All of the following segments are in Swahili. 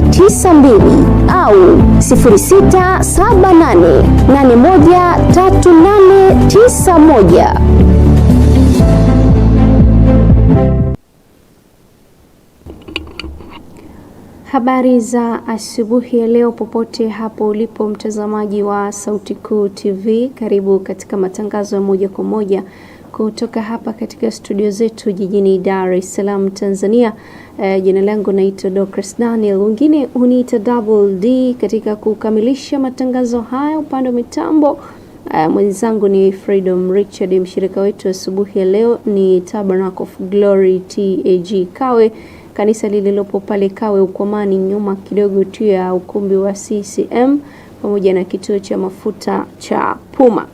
92 au 0678813891. Habari za asubuhi ya leo popote hapo ulipo mtazamaji wa Sauti Kuu TV, karibu katika matangazo ya moja kwa moja kutoka hapa katika studio zetu jijini Dar es Salaam, Tanzania Uh, jina langu naitwa Dorcas Daniel, wengine huniita Double D. Katika kukamilisha matangazo haya upande wa mitambo uh, mwenzangu ni Freedom Richard. Mshirika wetu asubuhi ya leo ni Tabernacle of Glory TAG Kawe, kanisa lililopo pale Kawe Ukwamani, nyuma kidogo tu ya ukumbi wa CCM pamoja na kituo cha mafuta cha Puma.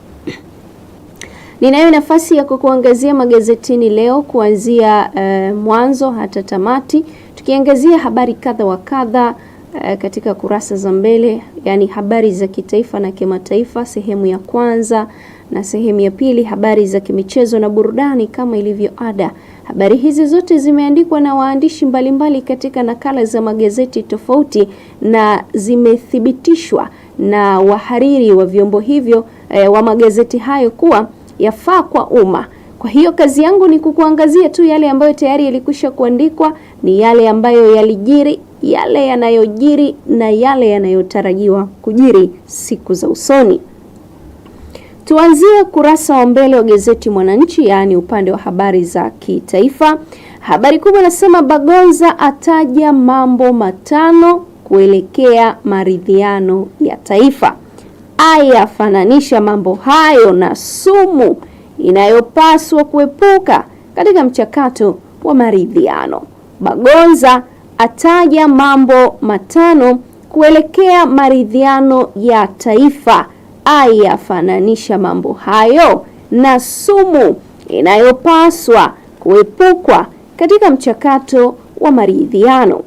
Ninayo nafasi ya kukuangazia magazetini leo kuanzia uh, mwanzo hata tamati, tukiangazia habari kadha wa kadha uh, katika kurasa za mbele, yani habari za kitaifa na kimataifa, sehemu ya kwanza na sehemu ya pili, habari za kimichezo na burudani kama ilivyo ada. Habari hizi zote zimeandikwa na waandishi mbalimbali mbali katika nakala za magazeti tofauti na zimethibitishwa na wahariri wa vyombo hivyo eh, wa magazeti hayo kuwa yafaa kwa umma. Kwa hiyo kazi yangu ni kukuangazia tu yale ambayo tayari yalikwisha kuandikwa, ni yale ambayo yalijiri, yale yanayojiri na yale yanayotarajiwa kujiri siku za usoni. Tuanzie kurasa wa mbele wa gazeti Mwananchi, yaani upande wa habari za kitaifa. Habari kubwa nasema Bagonza ataja mambo matano kuelekea maridhiano ya taifa ayafananisha mambo hayo na sumu inayopaswa kuepuka katika mchakato wa maridhiano. Bagonza ataja mambo matano kuelekea maridhiano ya taifa, ayafananisha mambo hayo na sumu inayopaswa kuepukwa katika mchakato wa maridhiano.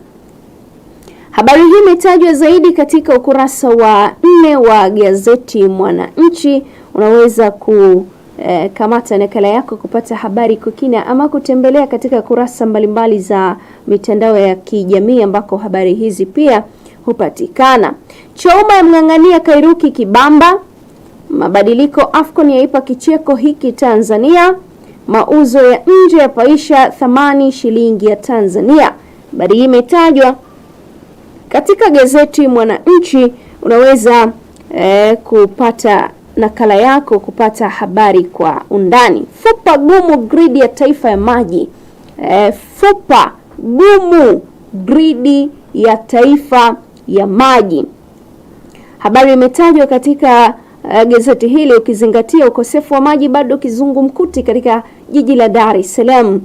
Habari hii imetajwa zaidi katika ukurasa wa nne wa gazeti Mwananchi. Unaweza kukamata eh, nakala yako kupata habari kukina ama kutembelea katika kurasa mbalimbali za mitandao ya kijamii ambako habari hizi pia hupatikana. Chauma ya mng'ang'ania Kairuki Kibamba. Mabadiliko AFCON yaipa kicheko hiki Tanzania. Mauzo ya nje yapaisha thamani shilingi ya Tanzania. Habari hii imetajwa katika gazeti Mwananchi unaweza e, kupata nakala yako, kupata habari kwa undani. Fupa gumu gridi ya taifa ya maji e, fupa gumu gridi ya taifa ya maji. Habari imetajwa katika uh, gazeti hili ukizingatia ukosefu wa maji bado kizungumkuti katika jiji la Dar es Salaam.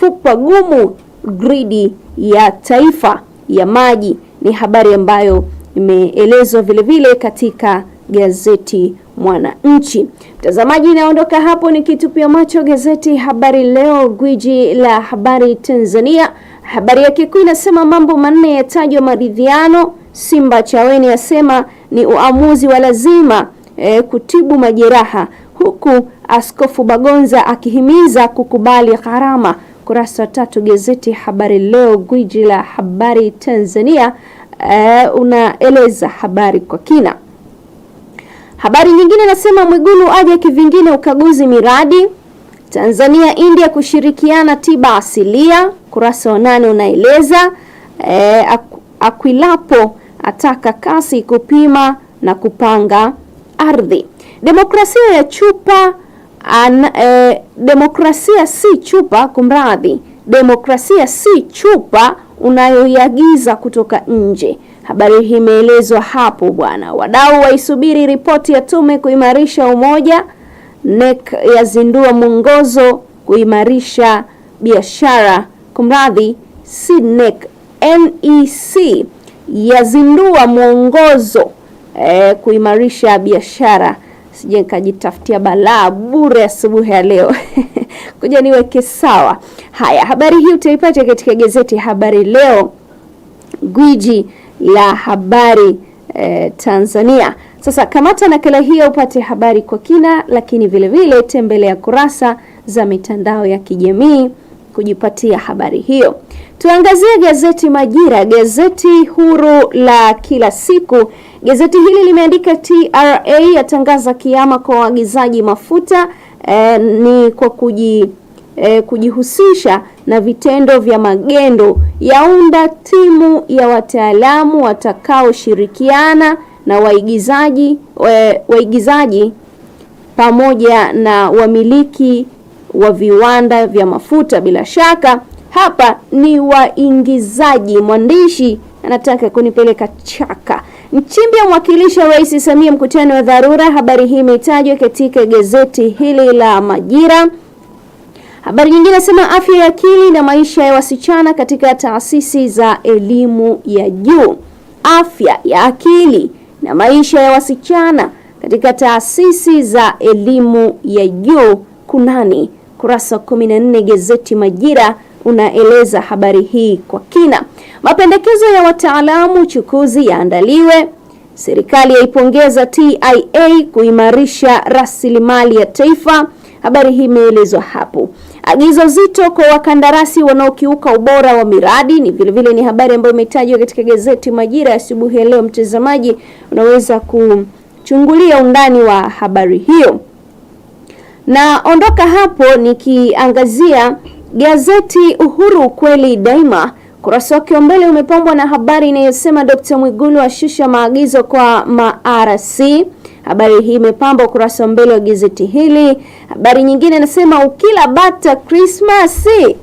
Fupa gumu gridi ya taifa ya maji. Ni habari ambayo imeelezwa vilevile katika gazeti Mwananchi. Mtazamaji, inaondoka hapo ni kitupia macho gazeti Habari Leo, gwiji la habari Tanzania. Habari yake kuu inasema mambo manne yatajwa maridhiano. Simba Chaweni asema ni uamuzi wa lazima e, kutibu majeraha, huku Askofu Bagonza akihimiza kukubali gharama ukurasa wa tatu gazeti Habari Leo, gwiji la habari Tanzania, uh, unaeleza habari kwa kina. Habari nyingine nasema Mwigulu aje kivingine ukaguzi miradi Tanzania India kushirikiana tiba asilia. Kurasa wa nane unaeleza e, eh, Akwilapo ataka kasi kupima na kupanga ardhi. Demokrasia ya chupa An, e, demokrasia si chupa, kumradhi, demokrasia si chupa unayoiagiza kutoka nje. Habari hii imeelezwa hapo bwana. Wadau waisubiri ripoti ya tume kuimarisha umoja. NEC yazindua mwongozo kuimarisha biashara, kumradhi, si NEC, NEC yazindua mwongozo e, kuimarisha biashara sije nikajitafutia balaa bure asubuhi ya leo kuja niweke sawa. Haya, habari hii utaipata katika gazeti Habari Leo, gwiji la habari eh, Tanzania. Sasa kamata nakala hiyo upate habari kwa kina, lakini vilevile tembelea kurasa za mitandao ya kijamii kujipatia habari hiyo. Tuangazie gazeti Majira, gazeti huru la kila siku. Gazeti hili limeandika TRA yatangaza kiama kwa waagizaji mafuta eh, ni kwa kuji eh, kujihusisha na vitendo vya magendo, yaunda timu ya wataalamu watakaoshirikiana na waigizaji eh, waigizaji pamoja na wamiliki wa viwanda vya mafuta. Bila shaka hapa ni waingizaji. Mwandishi anataka kunipeleka chaka. Nchimbi amwakilisha Rais Samia mkutano wa dharura. Habari hii imetajwa katika gazeti hili la Majira. Habari nyingine nasema afya ya akili na maisha ya wasichana katika taasisi za elimu ya juu. Afya ya akili na maisha ya wasichana katika taasisi za elimu ya juu kunani, kurasa 14 gazeti Majira unaeleza habari hii kwa kina. Mapendekezo ya wataalamu uchukuzi yaandaliwe. Serikali yaipongeza TIA kuimarisha rasilimali ya taifa. Habari hii imeelezwa hapo. Agizo zito kwa wakandarasi wanaokiuka ubora wa miradi ni vile vile, ni habari ambayo imetajwa katika gazeti Majira asubuhi ya leo. Mtazamaji unaweza kuchungulia undani wa habari hiyo, na ondoka hapo nikiangazia Gazeti Uhuru ukweli daima, ukurasa wake wa mbele umepambwa na habari inayosema Dkt. Mwigulu ashusha maagizo kwa ma-RC. Habari hii imepambwa ukurasa wa mbele wa gazeti hili. Habari nyingine inasema ukila bata Krismasi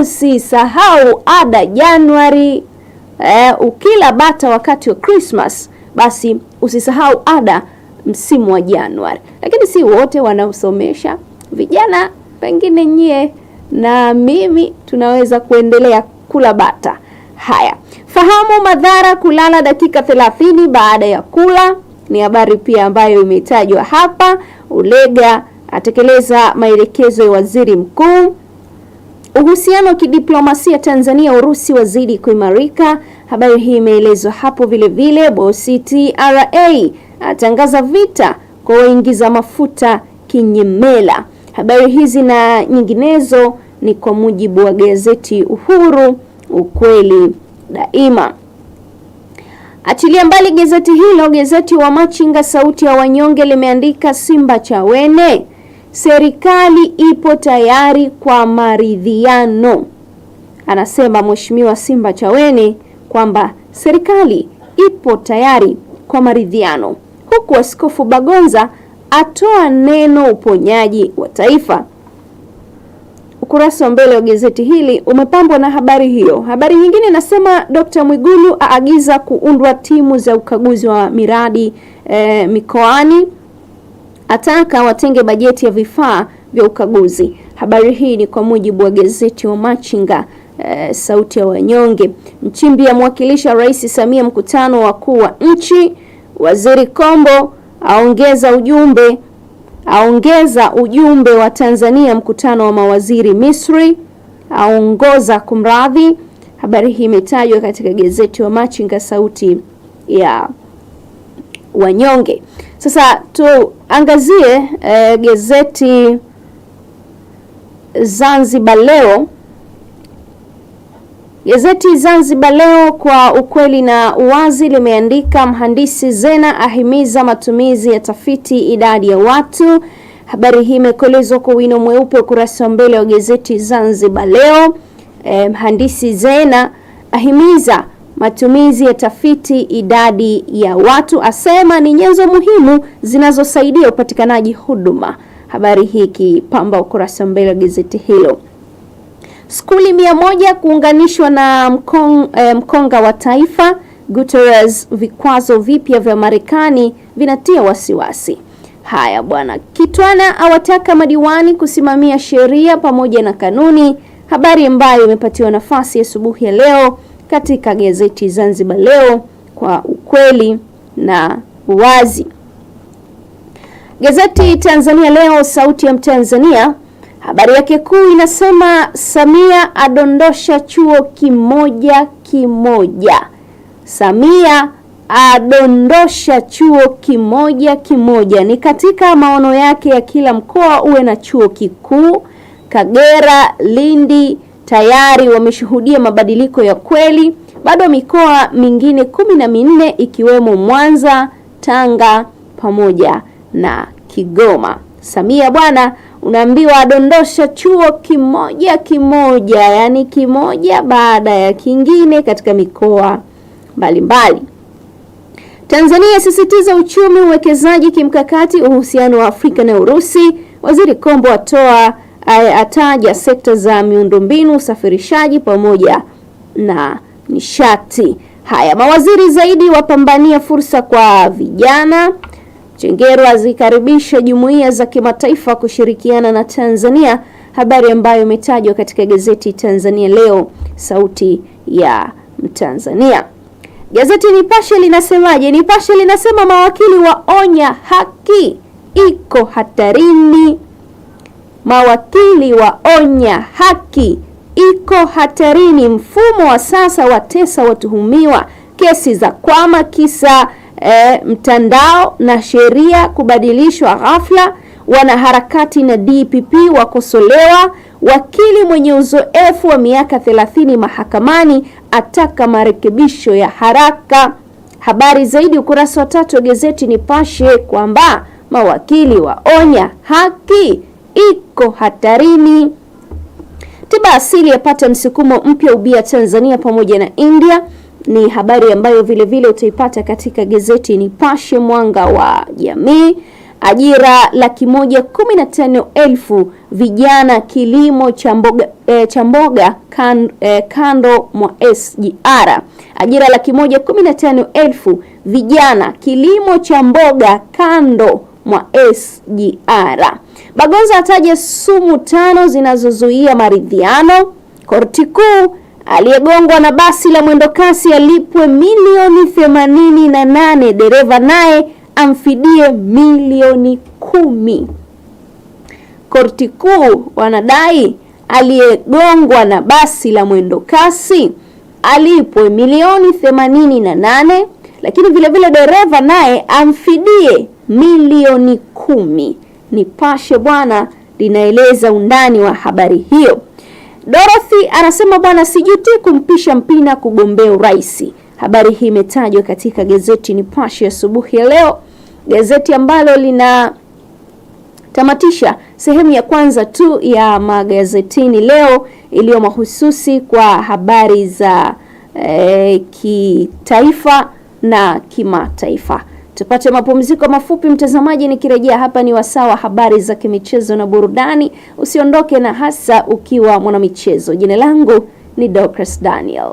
usisahau ada Januari. Eh, ukila bata wakati wa Christmas basi usisahau ada msimu wa Januari. Lakini si wote wanaosomesha vijana, pengine nyie na mimi tunaweza kuendelea kula bata. Haya, fahamu madhara kulala dakika 30 baada ya kula. Ni habari pia ambayo imetajwa hapa. Ulega atekeleza maelekezo ya waziri mkuu. Uhusiano wa kidiplomasia Tanzania Urusi wazidi kuimarika. Habari hii imeelezwa hapo vile vile. Bosi TRA atangaza vita kwa waingiza mafuta kinyemela. Habari hizi na nyinginezo ni kwa mujibu wa gazeti Uhuru, ukweli daima. Achilia mbali gazeti hilo, gazeti wa Machinga sauti ya wanyonge limeandika Simba chawene, serikali ipo tayari kwa maridhiano. Anasema Mheshimiwa Simba chawene kwamba serikali ipo tayari kwa maridhiano, huku Askofu Bagonza atoa neno uponyaji wa taifa. Ukurasa wa mbele wa gazeti hili umepambwa na habari hiyo. Habari nyingine inasema Dr. Mwigulu aagiza kuundwa timu za ukaguzi wa miradi e, mikoani, ataka watenge bajeti ya vifaa vya ukaguzi. Habari hii ni kwa mujibu wa gazeti wa Machinga e, sauti ya wanyonge. Mchimbi amwakilisha Rais Samia mkutano wa wakuu wa nchi. Waziri Kombo aongeza ujumbe aongeza ujumbe wa Tanzania mkutano wa mawaziri Misri, aongoza kumradhi. Habari hii imetajwa katika gazeti wa Machinga, sauti ya wanyonge. Sasa tuangazie eh, gazeti Zanzibar Leo Gazeti Zanzibar Leo kwa ukweli na uwazi limeandika mhandisi Zena ahimiza matumizi ya tafiti idadi ya watu. Habari hii imekolezwa kwa wino mweupe ukurasa wa mbele wa gazeti Zanzibar Leo. E, mhandisi Zena ahimiza matumizi ya tafiti idadi ya watu, asema ni nyenzo muhimu zinazosaidia upatikanaji huduma. Habari hii ikipamba ukurasa wa mbele wa gazeti hilo. Skuli mia moja kuunganishwa na mkong, eh, mkonga wa taifa. Guterres, vikwazo vipya vya Marekani vinatia wasiwasi. Haya bwana, Kitwana awataka madiwani kusimamia sheria pamoja na kanuni, habari ambayo imepatiwa nafasi asubuhi ya, ya leo katika gazeti Zanzibar Leo kwa ukweli na uwazi. Gazeti Tanzania Leo, sauti ya Mtanzania Habari yake kuu inasema Samia adondosha chuo kimoja kimoja. Samia adondosha chuo kimoja kimoja. Ni katika maono yake ya kila mkoa uwe na chuo kikuu. Kagera, Lindi tayari wameshuhudia mabadiliko ya kweli. Bado mikoa mingine kumi na minne ikiwemo Mwanza, Tanga pamoja na Kigoma. Samia bwana unaambiwa adondosha chuo kimoja kimoja, yaani kimoja baada ya kingine katika mikoa mbalimbali. Tanzania yasisitiza uchumi, uwekezaji kimkakati, uhusiano wa Afrika na Urusi. Waziri Kombo atoa eh, ataja sekta za miundombinu, usafirishaji pamoja na nishati. Haya, mawaziri zaidi wapambania fursa kwa vijana. Chengerwa azikaribisha jumuiya za kimataifa kushirikiana na Tanzania, habari ambayo imetajwa katika gazeti Tanzania Leo, sauti ya Mtanzania. Gazeti Nipashe linasemaje? Nipashe linasema mawakili waonya haki iko hatarini. Mawakili waonya haki iko hatarini. Mfumo wa sasa watesa watuhumiwa, kesi za kwama kisa e, mtandao na sheria kubadilishwa ghafla. Wanaharakati na DPP wakosolewa. Wakili mwenye uzoefu wa miaka 30 mahakamani ataka marekebisho ya haraka. Habari zaidi ukurasa wa tatu wa gazeti Nipashe kwamba mawakili waonya haki iko hatarini. Tiba asili yapata msukumo mpya ubia Tanzania pamoja na India ni habari ambayo vile vile utaipata katika gazeti Nipashe Mwanga wa Jamii. Ajira laki moja kumi na tano elfu vijana kilimo cha mboga e, cha mboga kan, e, kando mwa SGR. Ajira laki moja kumi na tano elfu vijana kilimo cha mboga kando mwa SGR. Bagonza ataja sumu tano zinazozuia maridhiano. Korti Kuu aliyegongwa na basi la mwendokasi alipwe milioni themanini na nane, dereva naye amfidie milioni kumi. Korti Kuu wanadai aliyegongwa na basi la mwendokasi alipwe milioni themanini na nane, lakini vilevile dereva naye amfidie milioni kumi. Nipashe bwana linaeleza undani wa habari hiyo. Dorothy anasema bwana, sijuti kumpisha Mpina kugombea urais. Habari hii imetajwa katika gazeti Nipashe asubuhi ya leo, gazeti ambalo lina tamatisha sehemu ya kwanza tu ya magazetini leo iliyo mahususi kwa habari za e, kitaifa na kimataifa. Tupate mapumziko mafupi, mtazamaji. Nikirejea hapa ni wasaa wa habari za kimichezo na burudani. Usiondoke, na hasa ukiwa mwanamichezo. Jina langu ni Dorcas Daniel.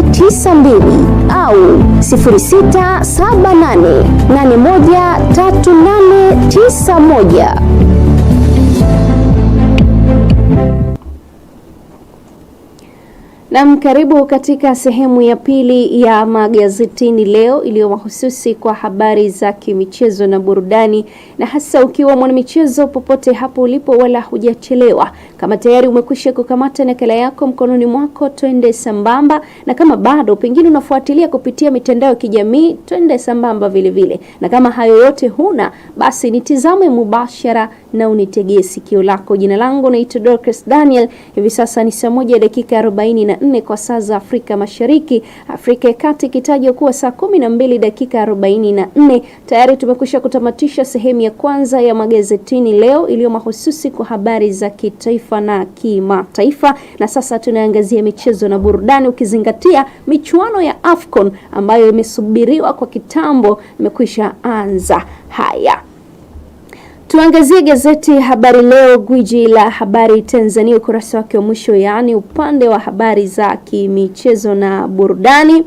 9292 au 0678813891. Nam, karibu katika sehemu ya pili ya magazetini leo iliyo mahususi kwa habari za kimichezo na burudani, na hasa ukiwa mwanamichezo popote hapo ulipo, wala hujachelewa. Kama tayari umekwisha kukamata nakala yako mkononi mwako, twende sambamba, na kama bado pengine unafuatilia kupitia mitandao ya kijamii, twende sambamba vilevile vile. Na kama hayo yote huna, basi nitizame mubashara na unitegee sikio lako. Jina langu naitwa Dorcas Daniel. Hivi sasa ni saa moja dakika 44 kwa saa za Afrika Mashariki, Afrika ya Kati ikitajwa kuwa saa mbili dakika 44. Tayari tumekwisha kutamatisha sehemu ya kwanza ya magazetini leo iliyo mahususi kwa habari za kitaifa na kimataifa, na sasa tunaangazia michezo na burudani, ukizingatia michuano ya AFCON ambayo imesubiriwa kwa kitambo imekwisha anza. Haya. Tuangazie gazeti Habari Leo, gwiji la habari Tanzania, ukurasa wake wa mwisho, yaani upande wa habari za kimichezo na burudani.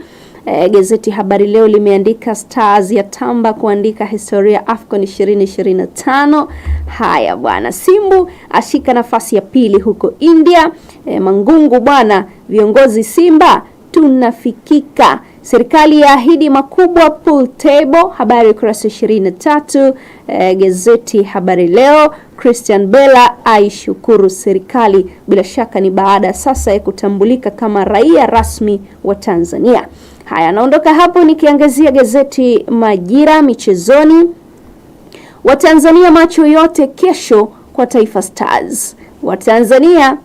E, gazeti Habari Leo limeandika Stars ya tamba kuandika historia AFCON 2025. Haya bwana, Simbu ashika nafasi ya pili huko India. E, Mangungu bwana, viongozi Simba tunafikika Serikali yaahidi makubwa pool table, habari ukurasa 23, eh, gazeti Habari Leo. Christian Bella aishukuru serikali, bila shaka ni baada sasa ya kutambulika kama raia rasmi wa Tanzania. Haya, naondoka hapo nikiangazia gazeti Majira. Michezoni, Watanzania macho yote kesho kwa Taifa Stars. Watanzania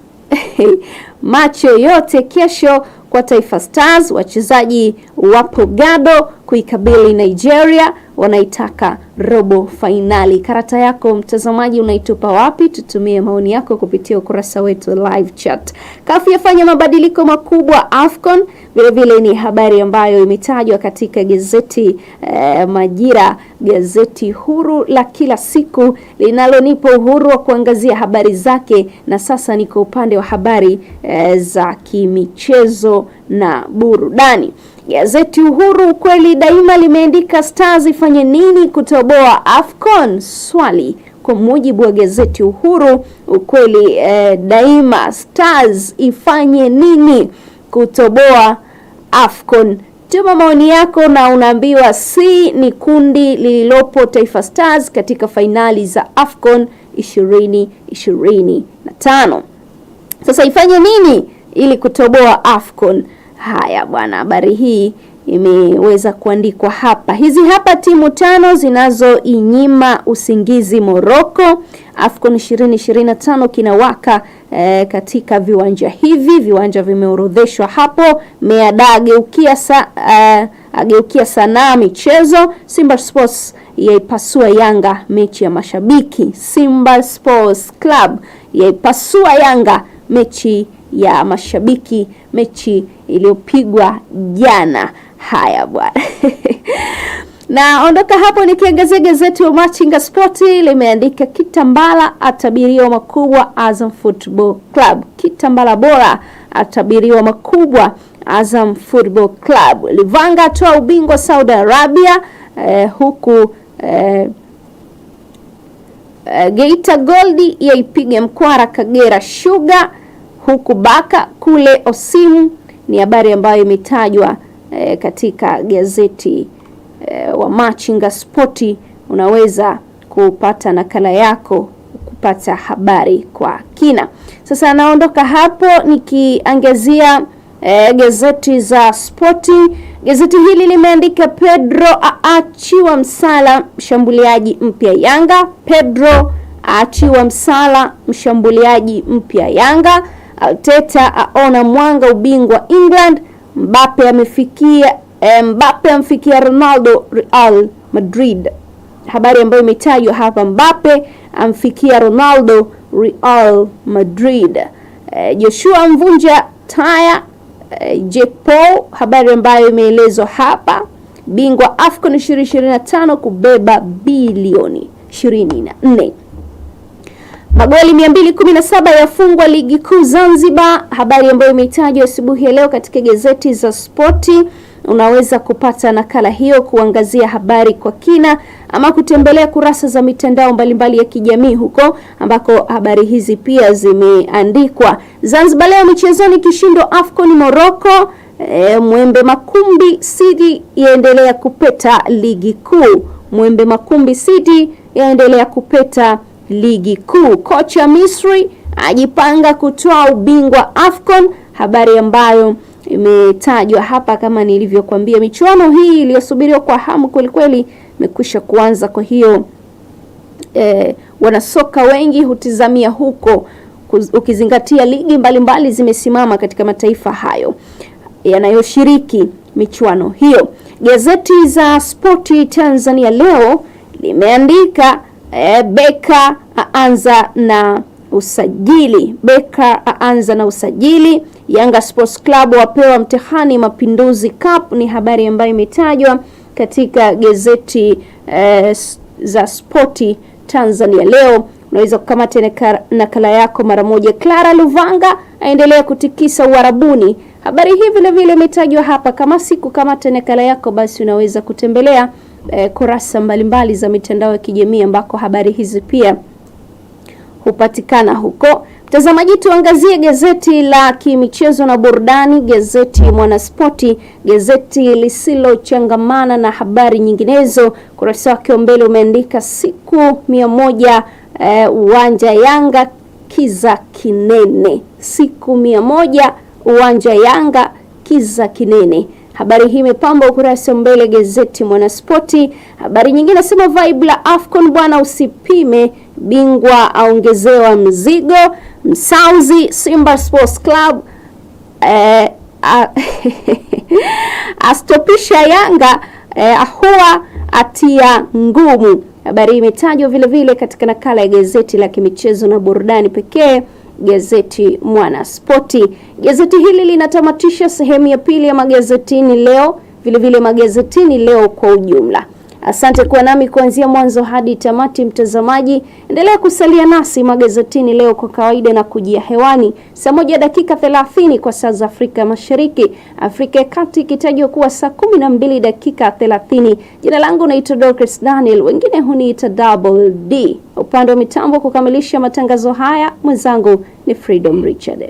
macho yote kesho kwa Taifa Stars, wachezaji wapo gado kuikabili Nigeria, wanaitaka robo fainali. Karata yako mtazamaji unaitupa wapi? Tutumie maoni yako kupitia ukurasa wetu live chat. Kafu yafanya mabadiliko makubwa AFCON, vilevile ni habari ambayo imetajwa katika gazeti eh, Majira, gazeti huru la kila siku linalonipa uhuru wa kuangazia habari zake, na sasa niko upande wa habari eh, za kimichezo na burudani. Gazeti Uhuru ukweli daima limeandika Stars ifanye nini kutoboa Afcon? Swali. Kwa mujibu wa gazeti Uhuru ukweli eh, daima Stars ifanye nini kutoboa Afcon? Tuma maoni yako na unaambiwa C ni kundi lililopo Taifa Stars katika fainali za Afcon 2025. Sasa ifanye nini ili kutoboa Afcon? Haya bwana, habari hii imeweza kuandikwa hapa. Hizi hapa timu tano zinazoinyima usingizi Morocco AFCON 2025 kinawaka e, katika viwanja hivi. Viwanja vimeorodheshwa hapo. Meada ageukia sa, e, ageukia sanaa michezo. Simba Sports yaipasua Yanga mechi ya mashabiki. Simba Sports Club yaipasua Yanga mechi ya mashabiki mechi iliyopigwa jana. Haya bwana naondoka hapo nikiangazia gazeti wa Machinga Sporti limeandika Kitambala atabiriwa makubwa Azam Football Club. Kitambala bora atabiriwa makubwa Azam Football Club. Livanga atoa ubingwa Saudi Arabia. Eh, huku eh, eh Geita Goldi yaipiga mkwara Kagera Sugar huku Baka kule Osim ni habari ambayo imetajwa e, katika gazeti e, wa Machinga Spoti. Unaweza kupata nakala yako kupata habari kwa kina. Sasa naondoka hapo nikiangazia e, gazeti za spoti. Gazeti hili limeandika Pedro aachiwa msala mshambuliaji mpya Yanga. Pedro aachiwa msala mshambuliaji mpya Yanga. Arteta aona mwanga ubingwa England. Mbappe amefikia eh, Mbappe amfikia Ronaldo Real Madrid, habari ambayo imetajwa hapa. Mbappe amfikia Ronaldo Real Madrid. Eh, Joshua mvunja taya eh, Jepo, habari ambayo imeelezwa hapa. Bingwa AFCON 2025 kubeba bilioni 24. Magoli 217 yafungwa ligi kuu Zanzibar, habari ambayo imetajwa asubuhi ya leo katika gazeti za spoti. Unaweza kupata nakala hiyo kuangazia habari kwa kina ama kutembelea kurasa za mitandao mbalimbali ya kijamii huko ambako habari hizi pia zimeandikwa. Zanzibar leo michezoni, kishindo AFCON Morocco. E, Mwembe Makumbi City yaendelea kupeta ligi kuu. Mwembe Makumbi City yaendelea kupeta ligi kuu. Kocha Misri ajipanga kutoa ubingwa AFCON, habari ambayo imetajwa hapa kama nilivyokuambia. Michuano hii iliyosubiriwa kwa hamu kwelikweli imekwisha kuanza, kwa hiyo eh, wanasoka wengi hutizamia huko, ukizingatia ligi mbalimbali mbali zimesimama katika mataifa hayo yanayoshiriki michuano hiyo. Gazeti za Spoti Tanzania leo limeandika e, Beka aanza na usajili Beka aanza na usajili. Yanga Sports Club wapewa mtihani Mapinduzi Cup, ni habari ambayo imetajwa katika gazeti e, za spoti Tanzania leo. Unaweza kukamata nakala yako mara moja. Clara Luvanga aendelea kutikisa Uarabuni. Habari hii vilevile imetajwa hapa. Kama siku kamata nakala yako, basi unaweza kutembelea e, kurasa mbalimbali za mitandao ya kijamii ambako habari hizi pia hupatikana huko. Mtazamaji, tuangazie gazeti la kimichezo na burudani, gazeti Mwanaspoti, gazeti lisilochangamana na habari nyinginezo. Kurasa wake mbele umeandika siku mia moja eh, uwanja Yanga kiza kinene, siku mia moja uwanja Yanga kiza kinene. Habari hii imepamba ukurasa mbele gazeti Mwanaspoti. Habari nyingine nasema vibe la Afcon bwana, usipime bingwa aongezewa mzigo. Msauzi Simba Sports Club eh, astopisha Yanga eh, ahua atia ngumu. Habari hii imetajwa vile vile katika nakala ya gazeti la kimichezo na burudani pekee gazeti Mwanaspoti. Gazeti hili linatamatisha sehemu ya pili ya magazetini leo, vilevile vile magazetini leo kwa ujumla. Asante kuwa nami kuanzia mwanzo hadi tamati, mtazamaji. Endelea kusalia nasi magazetini leo kwa kawaida na kujia hewani saa moja dakika 30 kwa saa za Afrika Mashariki, Afrika ya Kati ikitajwa kuwa saa 12 dakika 30. Jina langu naitwa Dorcas Daniel, wengine huniita Double D. Upande wa mitambo kukamilisha matangazo haya, mwenzangu ni Freedom Richard.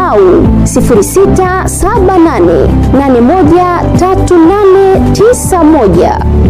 au 0678813891.